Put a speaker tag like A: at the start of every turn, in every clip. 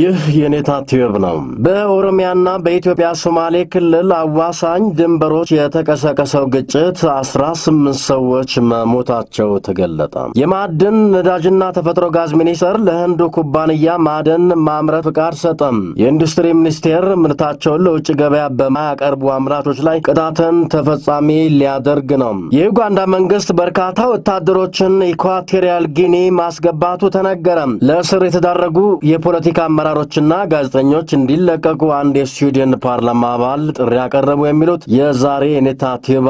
A: ይህ የኔታ ቲዩብ ነው። በኦሮሚያና በኢትዮጵያ ሶማሌ ክልል አዋሳኝ ድንበሮች የተቀሰቀሰው ግጭት 18 ሰዎች መሞታቸው ተገለጠ። የማዕድን ነዳጅና ተፈጥሮ ጋዝ ሚኒስቴር ለህንዱ ኩባንያ ማዕድን ማምረት ፍቃድ ሰጠም። የኢንዱስትሪ ሚኒስቴር ምርታቸውን ለውጭ ገበያ በማያቀርቡ አምራቾች ላይ ቅጣትን ተፈጻሚ ሊያደርግ ነው። የዩጋንዳ መንግስት በርካታ ወታደሮችን ኢኳቶሪያል ጊኒ ማስገባቱ ተነገረም። ለእስር የተዳረጉ የፖለቲካ አመራሮችና ጋዜጠኞች እንዲለቀቁ አንድ የስዊድን ፓርላማ አባል ጥሪ ያቀረቡ የሚሉት የዛሬ የኔታ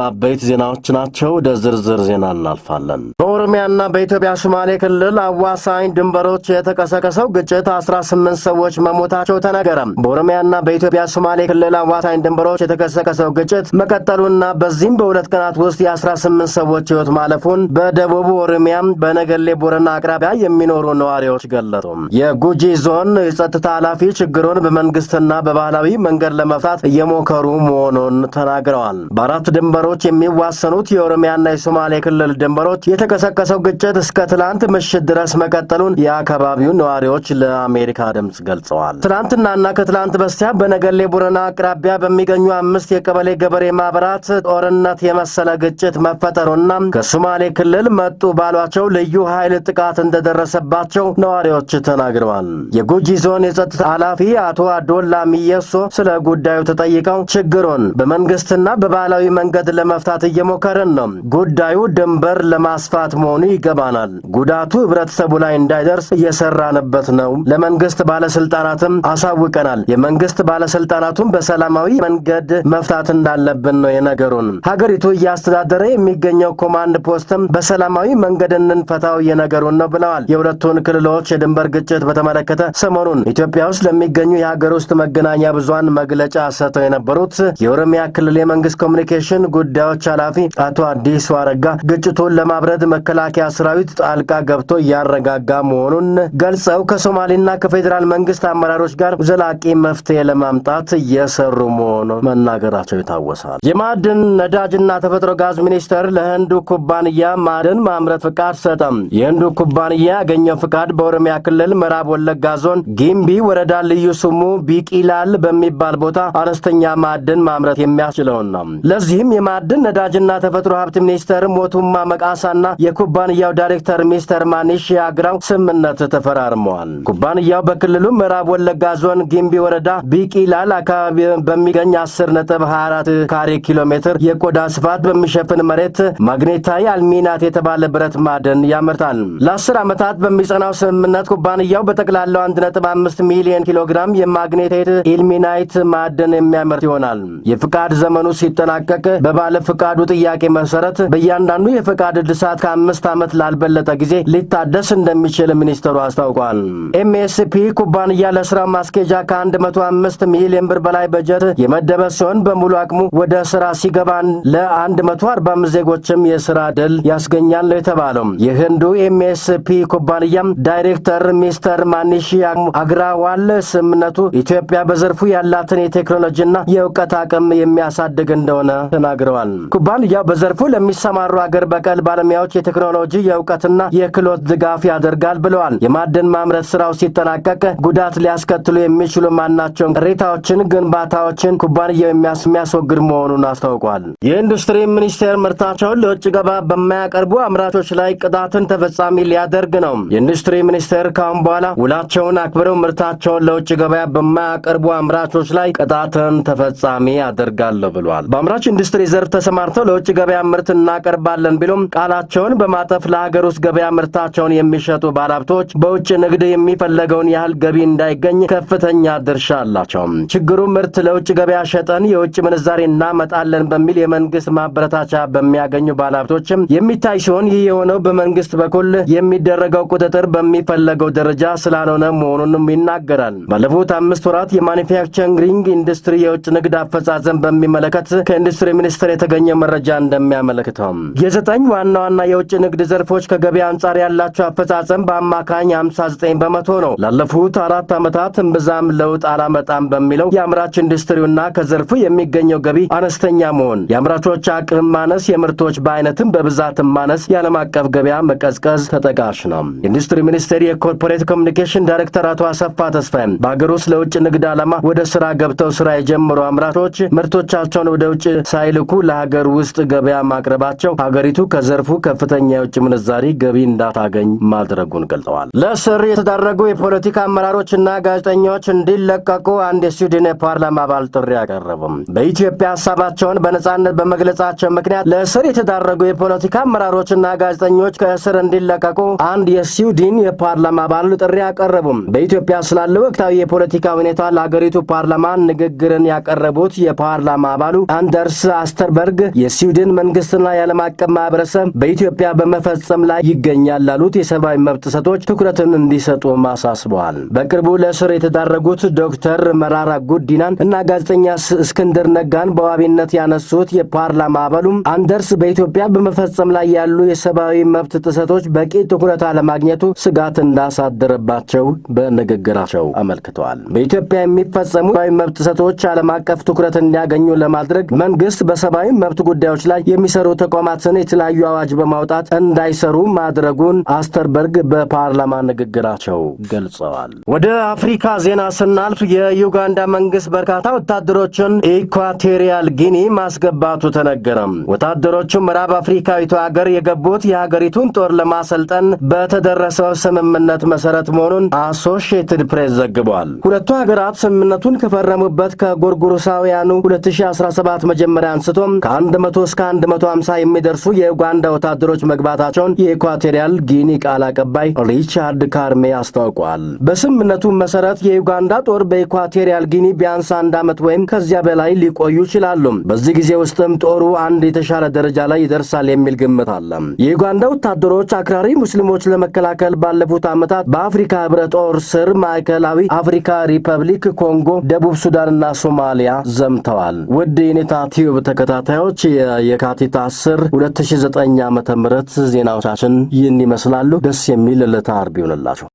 A: አበይት ዜናዎች ናቸው። ወደ ዝርዝር ዜና እናልፋለን። በኦሮሚያና በኢትዮጵያ ሶማሌ ክልል አዋሳኝ ድንበሮች የተቀሰቀሰው ግጭት 18 ሰዎች መሞታቸው ተነገረ። በኦሮሚያና በኢትዮጵያ ሶማሌ ክልል አዋሳኝ ድንበሮች የተቀሰቀሰው ግጭት መቀጠሉና በዚህም በሁለት ቀናት ውስጥ የ18 ሰዎች ህይወት ማለፉን በደቡብ ኦሮሚያም በነገሌ ቦረና አቅራቢያ የሚኖሩ ነዋሪዎች ገለጡ። የጉጂ ዞን የጸጥታ ኃላፊ ችግሩን በመንግስትና በባህላዊ መንገድ ለመፍታት እየሞከሩ መሆኑን ተናግረዋል። በአራት ድንበሮች የሚዋሰኑት የኦሮሚያና የሶማሌ ክልል ድንበሮች የተቀሰቀሰው ግጭት እስከ ትላንት ምሽት ድረስ መቀጠሉን የአካባቢው ነዋሪዎች ለአሜሪካ ድምፅ ገልጸዋል። ትላንትናና ከትላንት በስቲያ በነገሌ ቡረና አቅራቢያ በሚገኙ አምስት የቀበሌ ገበሬ ማህበራት ጦርነት የመሰለ ግጭት መፈጠሩና ከሶማሌ ክልል መጡ ባሏቸው ልዩ ኃይል ጥቃት እንደደረሰባቸው ነዋሪዎች ተናግረዋል። የጉጂ ዞን የዞን የጸጥታ ኃላፊ አቶ አዶላ ሚየሶ ስለ ጉዳዩ ተጠይቀው ችግሩን በመንግስትና በባህላዊ መንገድ ለመፍታት እየሞከርን ነው። ጉዳዩ ድንበር ለማስፋት መሆኑ ይገባናል። ጉዳቱ ህብረተሰቡ ላይ እንዳይደርስ እየሰራንበት ነው። ለመንግስት ባለስልጣናትም አሳውቀናል። የመንግስት ባለስልጣናቱም በሰላማዊ መንገድ መፍታት እንዳለብን ነው የነገሩን። ሀገሪቱ እያስተዳደረ የሚገኘው ኮማንድ ፖስትም በሰላማዊ መንገድ እንንፈታው እየነገሩን ነው ብለዋል። የሁለቱን ክልሎች የድንበር ግጭት በተመለከተ ሰሞኑን መሆኑን ኢትዮጵያ ውስጥ ለሚገኙ የሀገር ውስጥ መገናኛ ብዙሀን መግለጫ ሰጥተው የነበሩት የኦሮሚያ ክልል የመንግስት ኮሚኒኬሽን ጉዳዮች ኃላፊ አቶ አዲሱ አረጋ ግጭቱን ለማብረድ መከላከያ ሰራዊት ጣልቃ ገብቶ እያረጋጋ መሆኑን ገልጸው ከሶማሌና ከፌዴራል መንግስት አመራሮች ጋር ዘላቂ መፍትሄ ለማምጣት እየሰሩ መሆኑ መናገራቸው ይታወሳል። የማዕድን ነዳጅና ተፈጥሮ ጋዝ ሚኒስቴር ለህንዱ ኩባንያ ማዕድን ማምረት ፍቃድ ሰጠም። የህንዱ ኩባንያ ያገኘው ፍቃድ በኦሮሚያ ክልል ምዕራብ ወለጋ ዞን ጊምቢ ወረዳ ልዩ ስሙ ቢቂላል በሚባል ቦታ አነስተኛ ማዕድን ማምረት የሚያስችለውን ነው። ለዚህም የማዕድን ነዳጅና ተፈጥሮ ሀብት ሚኒስተር ሞቱማ መቃሳና የኩባንያው ዳይሬክተር ሚስተር ማኒሽ ያግራው ስምምነት ተፈራርመዋል። ኩባንያው በክልሉ ምዕራብ ወለጋ ዞን ጊምቢ ወረዳ ቢቂላል አካባቢ በሚገኝ 10.24 ካሬ ኪሎ ሜትር የቆዳ ስፋት በሚሸፍን መሬት ማግኔታዊ አልሚናት የተባለ ብረት ማዕድን ያመርታል። ለአስር ዓመታት በሚጸናው ስምምነት ኩባንያው በጠቅላላው 1 15 ሚሊዮን ኪሎ ግራም የማግኔታይት ኢልሚናይት ማዕድን የሚያመርት ይሆናል። የፍቃድ ዘመኑ ሲጠናቀቅ በባለ ፍቃዱ ጥያቄ መሰረት በእያንዳንዱ የፍቃድ እድሳት ከአምስት ዓመት ላልበለጠ ጊዜ ሊታደስ እንደሚችል ሚኒስትሩ አስታውቋል። ኤምኤስፒ ኩባንያ ለስራ ማስኬጃ ከ105 ሚሊዮን ብር በላይ በጀት የመደበ ሲሆን በሙሉ አቅሙ ወደ ስራ ሲገባ ለ145 ዜጎችም የስራ ድል ያስገኛል ነው የተባለው። የህንዱ ኤምኤስፒ ኩባንያም ዳይሬክተር ሚስተር ማኒሺ አግራዋል። ስምምነቱ ኢትዮጵያ በዘርፉ ያላትን የቴክኖሎጂና የእውቀት አቅም የሚያሳድግ እንደሆነ ተናግረዋል። ኩባንያው በዘርፉ ለሚሰማሩ አገር በቀል ባለሙያዎች የቴክኖሎጂ የእውቀትና የክህሎት ድጋፍ ያደርጋል ብለዋል። የማዕድን ማምረት ስራው ሲጠናቀቅ ጉዳት ሊያስከትሉ የሚችሉ ማናቸውም ቅሬታዎችን፣ ግንባታዎችን ኩባንያው የሚያስወግድ መሆኑን አስታውቋል። የኢንዱስትሪ ሚኒስቴር ምርታቸውን ለውጭ ገባ በማያቀርቡ አምራቾች ላይ ቅጣትን ተፈጻሚ ሊያደርግ ነው። የኢንዱስትሪ ሚኒስቴር ካሁን በኋላ ውላቸውን አክብረው ምርታቸውን ለውጭ ገበያ በማያቀርቡ አምራቾች ላይ ቅጣትን ተፈጻሚ አደርጋለሁ ብሏል። በአምራች ኢንዱስትሪ ዘርፍ ተሰማርተው ለውጭ ገበያ ምርት እናቀርባለን ቢሉም ቃላቸውን በማጠፍ ለሀገር ውስጥ ገበያ ምርታቸውን የሚሸጡ ባለሀብቶች በውጭ ንግድ የሚፈለገውን ያህል ገቢ እንዳይገኝ ከፍተኛ ድርሻ አላቸው። ችግሩ ምርት ለውጭ ገበያ ሸጠን የውጭ ምንዛሬ እናመጣለን በሚል የመንግስት ማበረታቻ በሚያገኙ ባለሀብቶችም የሚታይ ሲሆን ይህ የሆነው በመንግስት በኩል የሚደረገው ቁጥጥር በሚፈለገው ደረጃ ስላልሆነ መሆኑንም መሆኑም ይናገራል። ባለፉት አምስት ወራት የማኒፋክቸሪንግ ኢንዱስትሪ የውጭ ንግድ አፈጻጸም በሚመለከት ከኢንዱስትሪ ሚኒስቴር የተገኘ መረጃ እንደሚያመለክተው የዘጠኝ ዋና ዋና የውጭ ንግድ ዘርፎች ከገበያ አንጻር ያላቸው አፈጻጸም በአማካኝ 59 በመቶ ነው። ላለፉት አራት ዓመታት እምብዛም ለውጥ አላመጣም በሚለው የአምራች ኢንዱስትሪውና ከዘርፉ የሚገኘው ገቢ አነስተኛ መሆን፣ የአምራቾች አቅም ማነስ፣ የምርቶች በአይነትም በብዛትም ማነስ፣ የዓለም አቀፍ ገበያ መቀዝቀዝ ተጠቃሽ ነው። ኢንዱስትሪ ሚኒስቴር የኮርፖሬት ኮሚኒኬሽን ዳይሬክተር አቶ አሰፋ ተስፋ በአገር ውስጥ ለውጭ ንግድ ዓላማ ወደ ስራ ገብተው ስራ የጀመሩ አምራቾች ምርቶቻቸውን ወደ ውጭ ሳይልኩ ለሀገር ውስጥ ገበያ ማቅረባቸው ሀገሪቱ ከዘርፉ ከፍተኛ የውጭ ምንዛሪ ገቢ እንዳታገኝ ማድረጉን ገልጠዋል። ለእስር የተዳረጉ የፖለቲካ አመራሮችና ጋዜጠኞች እንዲለቀቁ አንድ የስዊድን የፓርላማ አባል ጥሪ አቀረቡም። በኢትዮጵያ ሀሳባቸውን በነጻነት በመግለጻቸው ምክንያት ለእስር የተዳረጉ የፖለቲካ አመራሮችና ጋዜጠኞች ከእስር እንዲለቀቁ አንድ የስዊድን የፓርላማ አባል ጥሪ አቀረቡም። በኢትዮጵያ ስላለ ወቅታዊ የፖለቲካ ሁኔታ ለሀገሪቱ ፓርላማ ንግግርን ያቀረቡት የፓርላማ አባሉ አንደርስ አስተርበርግ የስዊድን መንግስትና የዓለም አቀፍ ማህበረሰብ በኢትዮጵያ በመፈጸም ላይ ይገኛል ላሉት የሰብአዊ መብት ጥሰቶች ትኩረትን እንዲሰጡ አሳስበዋል። በቅርቡ ለእስር የተዳረጉት ዶክተር መራራ ጉዲናን እና ጋዜጠኛ እስክንድር ነጋን በዋቢነት ያነሱት የፓርላማ አባሉም አንደርስ በኢትዮጵያ በመፈጸም ላይ ያሉ የሰብአዊ መብት ጥሰቶች በቂ ትኩረት አለማግኘቱ ስጋት እንዳሳደረባቸው በንግግር ንግግራቸው አመልክተዋል። በኢትዮጵያ የሚፈጸሙ ሰብአዊ መብት ጥሰቶች ዓለም አቀፍ ትኩረት እንዲያገኙ ለማድረግ መንግስት በሰብአዊ መብት ጉዳዮች ላይ የሚሰሩ ተቋማትን የተለያዩ አዋጅ በማውጣት እንዳይሰሩ ማድረጉን አስተርበርግ በፓርላማ ንግግራቸው ገልጸዋል። ወደ አፍሪካ ዜና ስናልፍ የዩጋንዳ መንግስት በርካታ ወታደሮችን ኢኳቴሪያል ጊኒ ማስገባቱ ተነገረም። ወታደሮቹ ምዕራብ አፍሪካዊቱ ሀገር የገቡት የሀገሪቱን ጦር ለማሰልጠን በተደረሰው ስምምነት መሰረት መሆኑን አሶሽ አሶሺየትድ ፕሬስ ዘግበዋል። ሁለቱ ሀገራት ስምምነቱን ከፈረሙበት ከጎርጎሮሳውያኑ 2017 መጀመሪያ አንስቶም ከ100 እስከ 150 የሚደርሱ የኡጋንዳ ወታደሮች መግባታቸውን የኢኳቶሪያል ጊኒ ቃል አቀባይ ሪቻርድ ካርሜ አስታውቋል። በስምምነቱ መሰረት የዩጋንዳ ጦር በኢኳቶሪያል ጊኒ ቢያንስ አንድ ዓመት ወይም ከዚያ በላይ ሊቆዩ ይችላሉ። በዚህ ጊዜ ውስጥም ጦሩ አንድ የተሻለ ደረጃ ላይ ይደርሳል የሚል ግምት አለ። የዩጋንዳ ወታደሮች አክራሪ ሙስሊሞች ለመከላከል ባለፉት ዓመታት በአፍሪካ ህብረት ጦር ስር ድንበር ማዕከላዊ አፍሪካ ሪፐብሊክ፣ ኮንጎ፣ ደቡብ ሱዳንና ሶማሊያ ዘምተዋል። ውድ የኔታ ቲዩብ ተከታታዮች የካቲት 10 2009 ዓ ም ዜናዎቻችን ይህን ይመስላሉ። ደስ የሚል ዕለተ ዓርብ ይሆንላችሁ።